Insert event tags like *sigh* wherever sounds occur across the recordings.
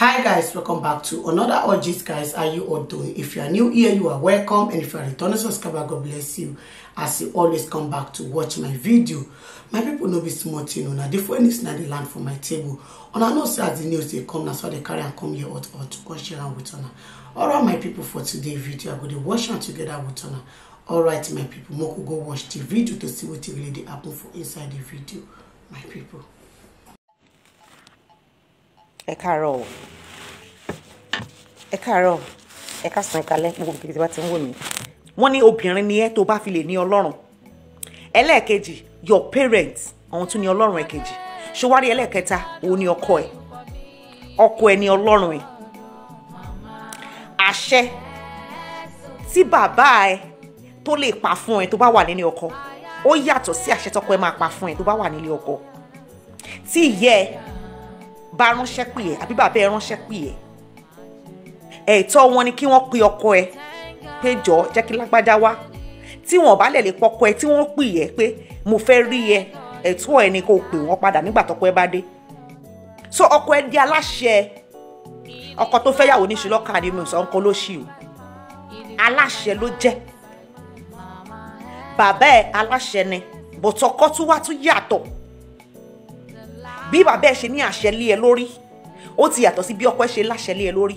hi guys welcome back to another orgies guys are you all doing if you are new here you are welcome and if you are returning subscriber god bless you as you always come back to watch my video my people no be small thing una the phone is not the land for my table una know say as the news they come na so they carry and come here hot hot come share am with una all right my people for today video i go dey watch am together with una all right my people make go watch the video to see what really dey happen for inside the video my people ẹ káàárọ̀ o ẹ káàárọ̀ ẹ káàsán ẹ kalẹ́ gbogbo ibi tí wọ́n ti ń wò mí. wọ́n ní obìnrin ni ẹ tó bá fi lè ní ọlọ́run ẹlẹ́ẹ̀kejì your parents àwọn tún ní ọlọ́run ẹ̀kejì ṣọwárí ẹlẹ́ẹ̀kẹta òun ni ọkọ ẹ ọkọ ẹ ni ọlọ́run ẹ àṣẹ tí bàbá ẹ tó lè pa fún ẹ tó bá wà nínú ọkọ ó yàtọ̀ sí àṣẹ tọkọ ẹ máa pa fún ẹ tó bá wà nílé ọkọ tí ìyá ẹ bá ránṣẹ́ pè ẹ́ àbí bàbá ẹ ránṣẹ́ pè ẹ́ ẹ̀tọ́ wọn ni kí wọ́n pe ọkọ ẹ pé jọ jẹ́ kí lágbájá wá tí wọn bá lè lè pọkọ ẹ tí wọ́n pè ẹ́ pé mo fẹ́ rí ẹ ẹ̀tọ́ ẹ ni kò pè wọ́n padà nígbà tọkọ ẹ bá dé so ọkọ ẹ di aláṣẹ ọkọ tó fẹ́ yàwó níṣu lọ́kà ni mi ò sọ ọkọ ló ṣì o aláṣẹ ló jẹ́ bàbá ẹ aláṣẹ ni bọ̀tọ̀kọ́ tún wá tún yàtọ̀ bí bàbá ẹ ṣe ní àṣẹ lé ẹ lórí ó ti yàtọ̀ sí bí ọkọ ẹ ṣe láṣẹ lé ẹ lórí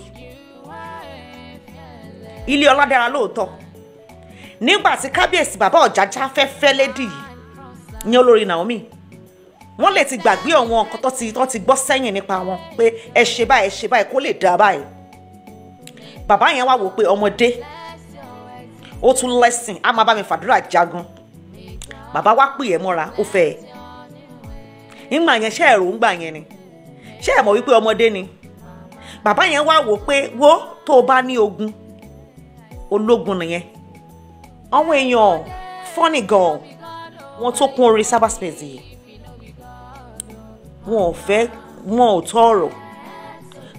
ilé ọlá dára lóòótọ́ nígbà tí kábíyèsí bàbá ọ̀jájá fẹ́ fẹ́ lédì yìí ní olórí Naomi wọ́n lè ti gbàgbé àwọn nǹkan tó ti tó ti gbọ́ sẹ́yìn nípa wọn pé ẹ ṣe báyìí ẹ ṣe báyìí kó lè dá báyìí bàbá yẹn wá wò pé ọmọdé ó tún lẹ́sìn á máa bá mi fàdúrà jagun bàbá wá pè é mọ́ra ó fẹ́ ẹ nígbà yẹn ṣe ẹ̀rù ń gbà yẹn ni ṣe ẹ̀ mọ̀ wípé ọmọdé ni bàbá yẹn wá wò pé wo tó o bá ní ogun ológun nìyẹn àwọn èèyàn funny girl wọn tó kún orí cyber space yìí wọn ò fẹ́ wọn ò tọrọ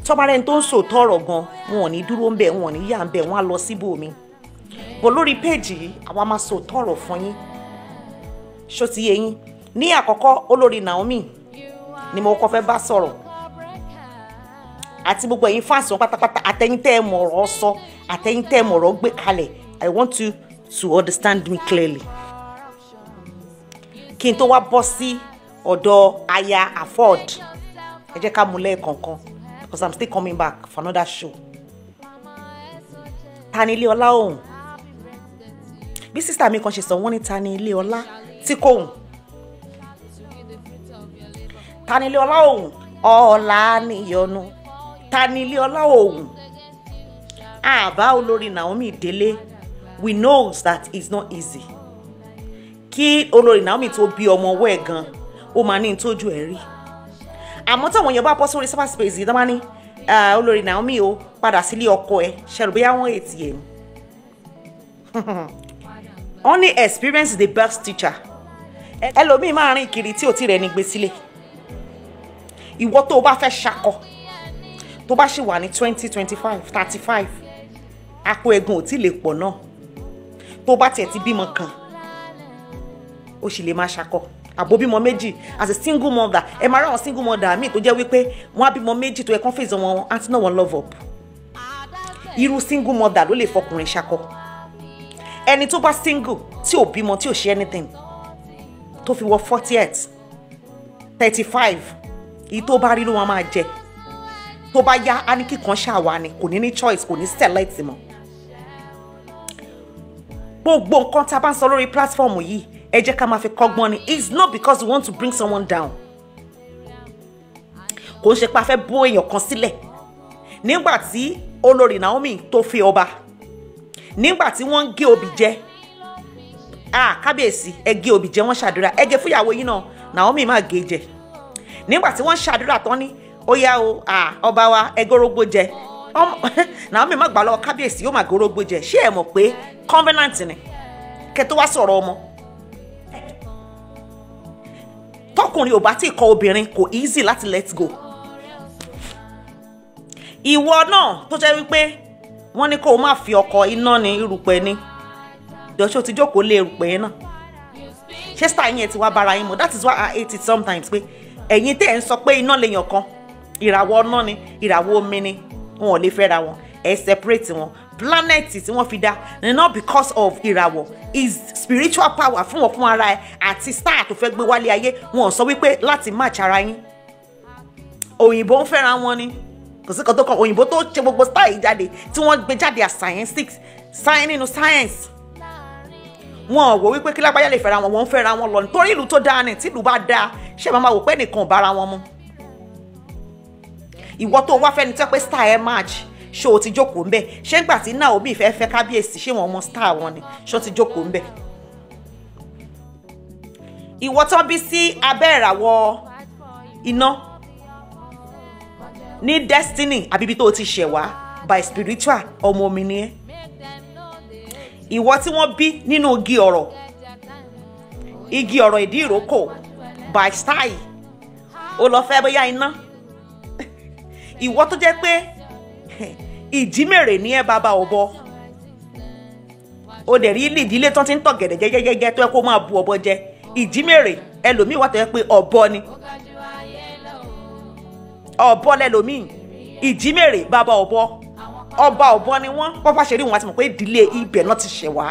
tọ́bárẹ́ni tó ń sòótọ́ ọ̀rọ̀ gan wọn ò ní dúró ń bẹ̀ wọn ò ní yà ń wọn á lọ síbòmí bọ̀ lórí péèjì yìí àwa máa sòótọ́ ọ̀rọ̀ fún yín ṣó ti yé yín ní àkọ́kọ́ olórí Naomi ni mo kọ́ fẹ́ bá sọ̀rọ̀ àti gbogbo ẹ̀yin fans wọn pátápátá àtẹ̀yin tẹ́ ẹ mọ̀rọ̀ sọ àtẹ̀yin tẹ́ ẹ mọ̀rọ̀ gbé kalẹ̀ I want you to understand me clearly kí n tó wá bọ́ sí ọ̀dọ̀ aya afford ẹ jẹ́ ká mú lẹ́ẹ̀kọ̀ọ̀kan because I'm still coming back for another show Tani ni ilé ọlá òun bí sísá mi kan ṣe sọ wọ́n ní ta ilé ọlá tí kò hùn tanilé ọlá òun ọ̀la níyọnu tanilé ọlá òun àbá olórí Naomi délé we knows that it's not easy kí olórí Naomi tó bí ọmọ ọwọ́ ẹ̀ gan ó máa ní ìtọ́jú ẹ̀ rí àmọ́ táwọn èèyàn bá bọ́ sórí cyber space yìí dáná ní olórí Naomi o padà sílé ọkọ ẹ ṣẹlẹ̀ bóyá wọ́n ètì ẹ̀ *laughs* only experience the best teacher ẹlòmíì máa rìn kiri tí ò tí rẹ̀ ní gbé sílẹ̀ ìwọ tó o bá fẹ́ ṣakọ tó bá ṣì wà ní twenty twenty five thirty five àpò ẹ̀gùn ò tí lè pọ̀ náà tó o bá tiẹ̀ ti bímọ kan o sì lè máa ṣakọ àbò bímọ méjì as a single mother ẹ máa ráwọn single mother míì tó jẹ́ wípé wọ́n á bímọ méjì tó yẹ kán fèsì wọn àti náà wọ́n love up irú single mother ló lè fọkùnrin ṣakọ ẹni tó bá single tí ò bímọ tí ò ṣe anything tó fi wọ forty eight thirty five èyí tó bá rí ló wọn máa jẹ tó bá yá á ní kíkan ṣàwa ni kò ní ní choice kò ní select mọ́ gbogbo nǹkan tá a bá ń sọ lórí platform yìí ẹ jẹ́ ká máa fi kọ́gbọ́n ni it's not because we want to bring someone down kò ń ṣe pa fẹ́ bó èèyàn kan sílẹ̀ nígbà tí olórí Naomi tó fi ọba nígbà tí wọ́n ń gé obì jẹ ah kábíyèsí ẹ gé obì jẹ wọ́n ṣàdúrà ẹ gé fúyàwó yín náà Naomi máa gé jẹ nígbà tí wọ́n ṣàdúrà tán ní ó yá o ọba wa ẹgọ́rógbó jẹ *laughs* Naomi má gbà lọ́wọ́ kábíyèsí yóò má gọ́rógbó jẹ ṣé ẹ mọ̀ pé covenant ni kẹ́ tó wá sọ̀rọ̀ ọmọ tọkùnrin ò bá tí kọ obìnrin kò easy láti let go ìwọ náà tó jẹ́ wípé wọ́n ní kó o má fi ọkọ̀ iná ní irùpẹ̀ ni dọ̀ṣọ́ ti jókòó lé irùpẹ̀ náà ṣé star yẹn ti wá bára yín mọ̀ that is why I hate it sometimes pé ẹ̀yin tẹ́ ẹ̀ ń sọ pé iná lèèyàn kan ìràwọ̀ ọ̀nà ni ìràwọ̀ omi ni wọn ò lè fẹ́ra wọn ẹ̀ separate wọn planet tí wọ́n fi dá not because of ìràwọ̀ is spiritual power fún wọn fún ara ẹ àti star tó fẹ́ gbé wálé ayé wọn ò sọ wípé láti match ara yín òyìnbó ń fẹ́ra wọn ni kò sí kan tó kọ òyìnbó tó ṣe gbogbo star yìí jáde tí wọ́n gbé jáde as science nínú science wọn ò wò wípé kí lágbájá lè fẹ́ra wọn wọn ń fẹ́ra wọn lọ nítorí ìlú tó dáa ni tí ìlú bá dáa ṣé màmá wò pé nìkan ò bára wọn mu. ìwọ tó wá fẹ́ni tẹ́ pé star ẹ match ṣé o ti jókòó ń bẹ̀ ṣé ńgbà tí Naomi fẹ́ fẹ́ kábíyèsí ṣé wọn mọ star wọn ni ṣé o ti jókòó ń bẹ̀. ìwọ tán bí sí abẹ́ ìràwọ̀ iná ní destiny àbíbi tó o ti ṣẹ̀ by spiritual ọmọ omi ni ẹ́ ìwọ tí wọ́n bí nínú igi ọ̀rọ̀ igi ọ̀rọ̀ ìdí ìrókò by style ó lọ fẹ́ bóyá iná ìwọ tó jẹ́ pé ìjímèrè ní ẹ bàbá ọ̀bọ o dẹ̀ rí ilé ìdílé tó ti ń tọ̀ gẹ̀dẹ̀ jẹ́jẹ́jẹ́jẹ́ tó yẹ kó máa bu ọ̀bọ jẹ ìjímèrè ẹlòmíì wà tó yẹ pé ọ̀bọ ni ọ̀bọ lẹlòmíì ìjímèrè bàbá ọ̀bọ ọba ọ̀bọ ni wọ́n wọ́n bá ṣe rí wọn àti mọ̀ pé ìdílé ibẹ̀ náà ti ṣẹ̀ wá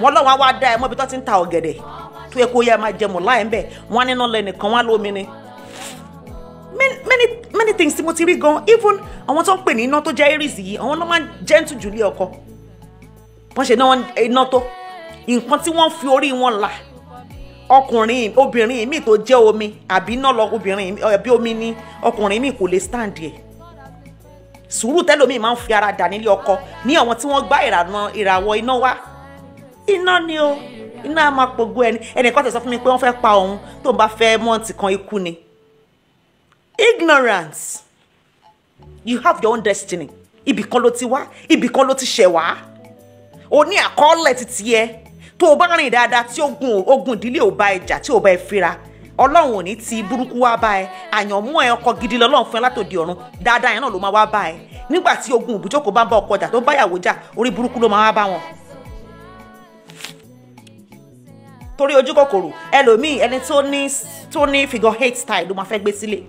wọn lọ́wọ́ á wá dá ẹ mọ́bi tó ti ń ta ọ̀gẹ̀dẹ̀ tó yẹ kó yẹ máa jẹ mọ̀ láì ń bẹ̀ wọ́n níná lẹ nìkan wọ́n lómi ni many many things tí mo ti rí gan even àwọn tó ń pè ní iná tó jẹ́ aries yìí àwọn náà máa ń gentle jù lé ọkọ wọ́n ṣe iná tó nǹkan tí wọ́n fi orí wọn là ọkùnrin obìnrin mi tó jẹ́ omi àbí iná lọ obìnrin àbí omi ni ọkùnrin mi kò lè stand yẹn sùúrù tẹ́lòmíì máa ń fi ara dà nílé ọkọ ní àwọn tí wọ́n gbá ìràwọ̀ iná wá iná ni o iná a máa pògó ẹni ẹnìkan tẹ̀ sọ fún mi pé wọ́n fẹ́ pa òun tó ń bá fẹ́ mọ́ǹtì kan ikú ni ignorance you have your own destiny ibì kan ló ti wá ibì kan ló ti ṣẹ̀ wá o ní àkọọ́lẹ̀ titi ẹ tó o bá rìn dáadáa tí ogun ìdílé ò bá ẹ tí ò bá ẹ fira ọlọ́run ò ní ti burúkú wá bá ẹ àyànmọ́ ẹ ọkọ gidi lọ́lọ́run fún ẹ látòdì ọ̀run dáadáa yẹn náà ló máa wá bá ẹ nígbà tí ogun òbújókòó bá ń bá ọkọ jà tó báyàwó jà orí burúkú ló máa wá bá wọn. torí ojú kòkòrò ẹlòmíì ẹni tó ní tó ní figure eight style ló máa fẹ́ gbé sílẹ̀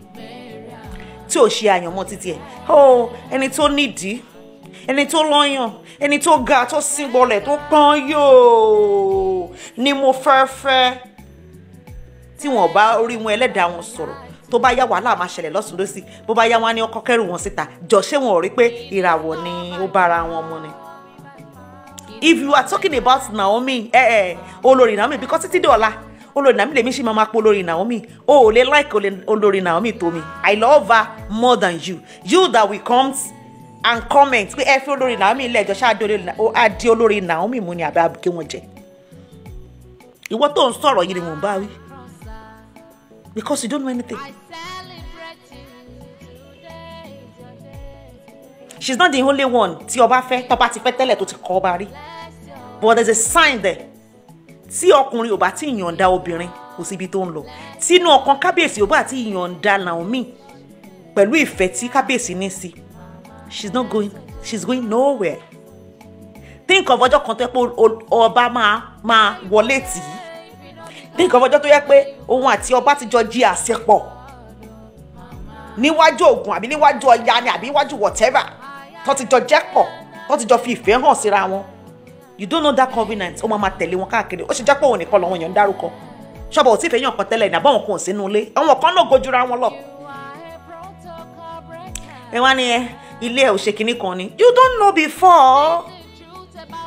tí ò ṣe àyànmọ́ títí ẹ̀ ó ẹni tó nídìí ẹni tó lọ́yàn ẹni tó ga tó síngbọlẹ̀ tó pọ́n yóò ni mo fẹ́ fẹ́ tí wọn bá orí wọn ẹlẹ́dàá wọn sọ̀rọ̀ tó bá yá wàhálà máa ṣẹlẹ̀ lọ́sùn lọ́sì bó bá yá wọn ní ọkọ kẹrù wọn síta jọ ṣé wọn ò rí pé ìràwọ̀ ni ó bára wọn mu ni. if you are talking about Naomi ẹ ẹ olórí Naomi because títí dọ̀la olórí Naomi lèmi ṣì máa máa pọ̀ olórí Naomi o ò lè like olórí Naomi tó mi I love her more than you you that will come and comment pé ẹ fi olórí Naomi ilé ẹjọ́ ṣáà di olórí Naomi mu ni àbí abùkẹ́ wọn jẹ ìwọ tó ń sọ̀rọ̀ yìí ni mò ń bá wí because you don't know anything. She's not the only one tí ọba fẹ́ tọ́ba ti fẹ́ tẹ́lẹ̀ tó ti kọ́ ọba rí but there's a sign there tí ọkùnrin ò bá ti yọ̀ǹda obìnrin kò síbi tó ń lọ tínú ọkàn kábíyèsí ò bá ti yọ̀ǹda Naomi pẹ̀lú ìfẹ́ tí kábíyèsí ní sí she's not going she's going nowhere think of ọjọ́ kan tó yẹ pé ọba máa máa wọlé ní nǹkan fọjọ́ tó yẹ pé òun àti ọba ti jọ jí àṣepọ̀ níwájú Ògún àbí níwájú Ọya ni àbí níwájú whatever tó ti jọ jẹ́ pọ̀ tó ti jọ fi ìfẹ́ hàn síra wọn you don't know that covenant ó máa ma tẹ̀lé wọn káàkiri ó ṣe jẹ́ pé òun nìkan lọ́wọ́ èèyàn ń dárúkọ ṣọ́bọ̀ ò tí ì fẹ́ yàn kan tẹ́lẹ̀ ní àbáwọn kan ò sínú ilé àwọn kan náà gojúra wọn lọ. ẹ wá ní ẹ ilé ẹ ò ṣe kinní kan ni you don't know before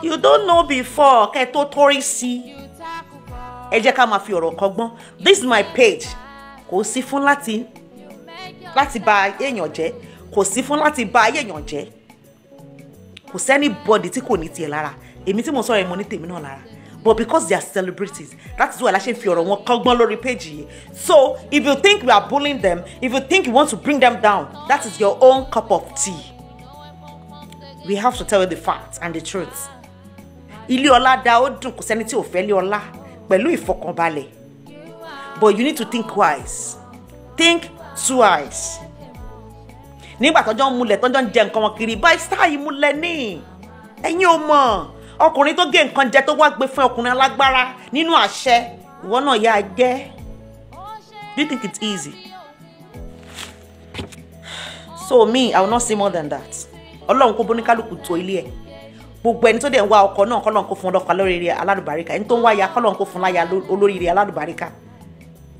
you don't know before kẹ́ ẹ tó torí sí i ẹ jẹ́ ká máa fi ọ̀rọ̀ kọ́gbọ́n this is my page kò sí fún láti láti bà èèyàn jẹ́ kò sí fún láti bà èèyàn jẹ́ kò sẹ́ni bọ́dì tí kò ní tiẹ̀ lára èmi tí mo sọ̀rọ̀ ẹ̀ mo ní tèmi náà lára but because they are celebrities that is why la ṣe fi ọ̀rọ̀ wọn kọ́gbọ́n lórí page yìí so if you think we are bullying them if you think you want to bring them down that is your own cup of tea we have to tell you the facts and the truth ilé ọlá da ó dùn kò sẹ́ni tí ò fẹ́ lé ọlá pẹ̀lú ìfọkànbalẹ̀ but you need to think wise think twice nígbà tọ́jọ́ ń múlẹ̀ tọ́jọ́ ń jẹ nǹkan wọn kiri báyìí sáà yìí múlẹ̀ ní ẹ̀yin ò mọ̀ ọkùnrin tó gé nǹkan jẹ tó wá gbé fún ọkùnrin alágbára nínú àṣẹ ìwọ náà yá a jẹ do you think it's easy so me i will not say more than that ọlọ́run kó bóníkálukú tó ilé ẹ̀ gbogbo ẹni tó dẹ̀ ń wá ọkọ náà kọ́ lọ́n kó fún ọlọ́kọ alóríire alálùbáríkà ẹni tó ń wá ya kọ́ lọ́n kó fún láya olóríire alálùbáríkà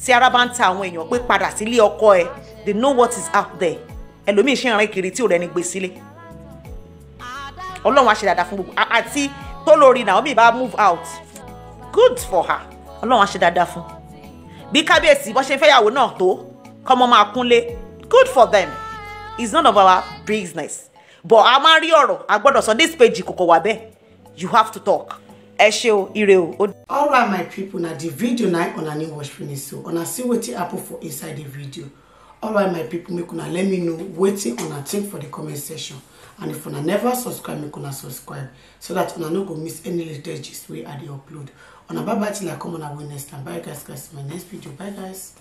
tí ara bá ń ta àwọn èèyàn pé padà sílé ọkọ ẹ they know what is out there ẹlòmíì ṣe ìrìn kiri tí ò rẹni gbé sílé ọlọ́run á ṣe dáadáa fún gbogbo àti tó lórí Naomi bá move out good for her ọlọ́run á ṣe dáadáa fún bí kábíyèsí bó ṣe ń fẹ́yàwó náà tó kọ́mọ máa kúnlé good for them it's none of our business but a máa rí ọ̀rọ̀ a gbọ́dọ̀ sọ this page kòkò wà bẹ́ẹ̀ you have to talk ẹ ṣe o ire o. all right my people na the video na una new watch finish so una see wetin happen for inside the video all right my people make una let me know wetin una think for the comment section and if una never subscribe make una subscribe so that una no go miss any latest gist wey i dey upload una bye bye till i come una wey next time bye guys guys my next video bye guys.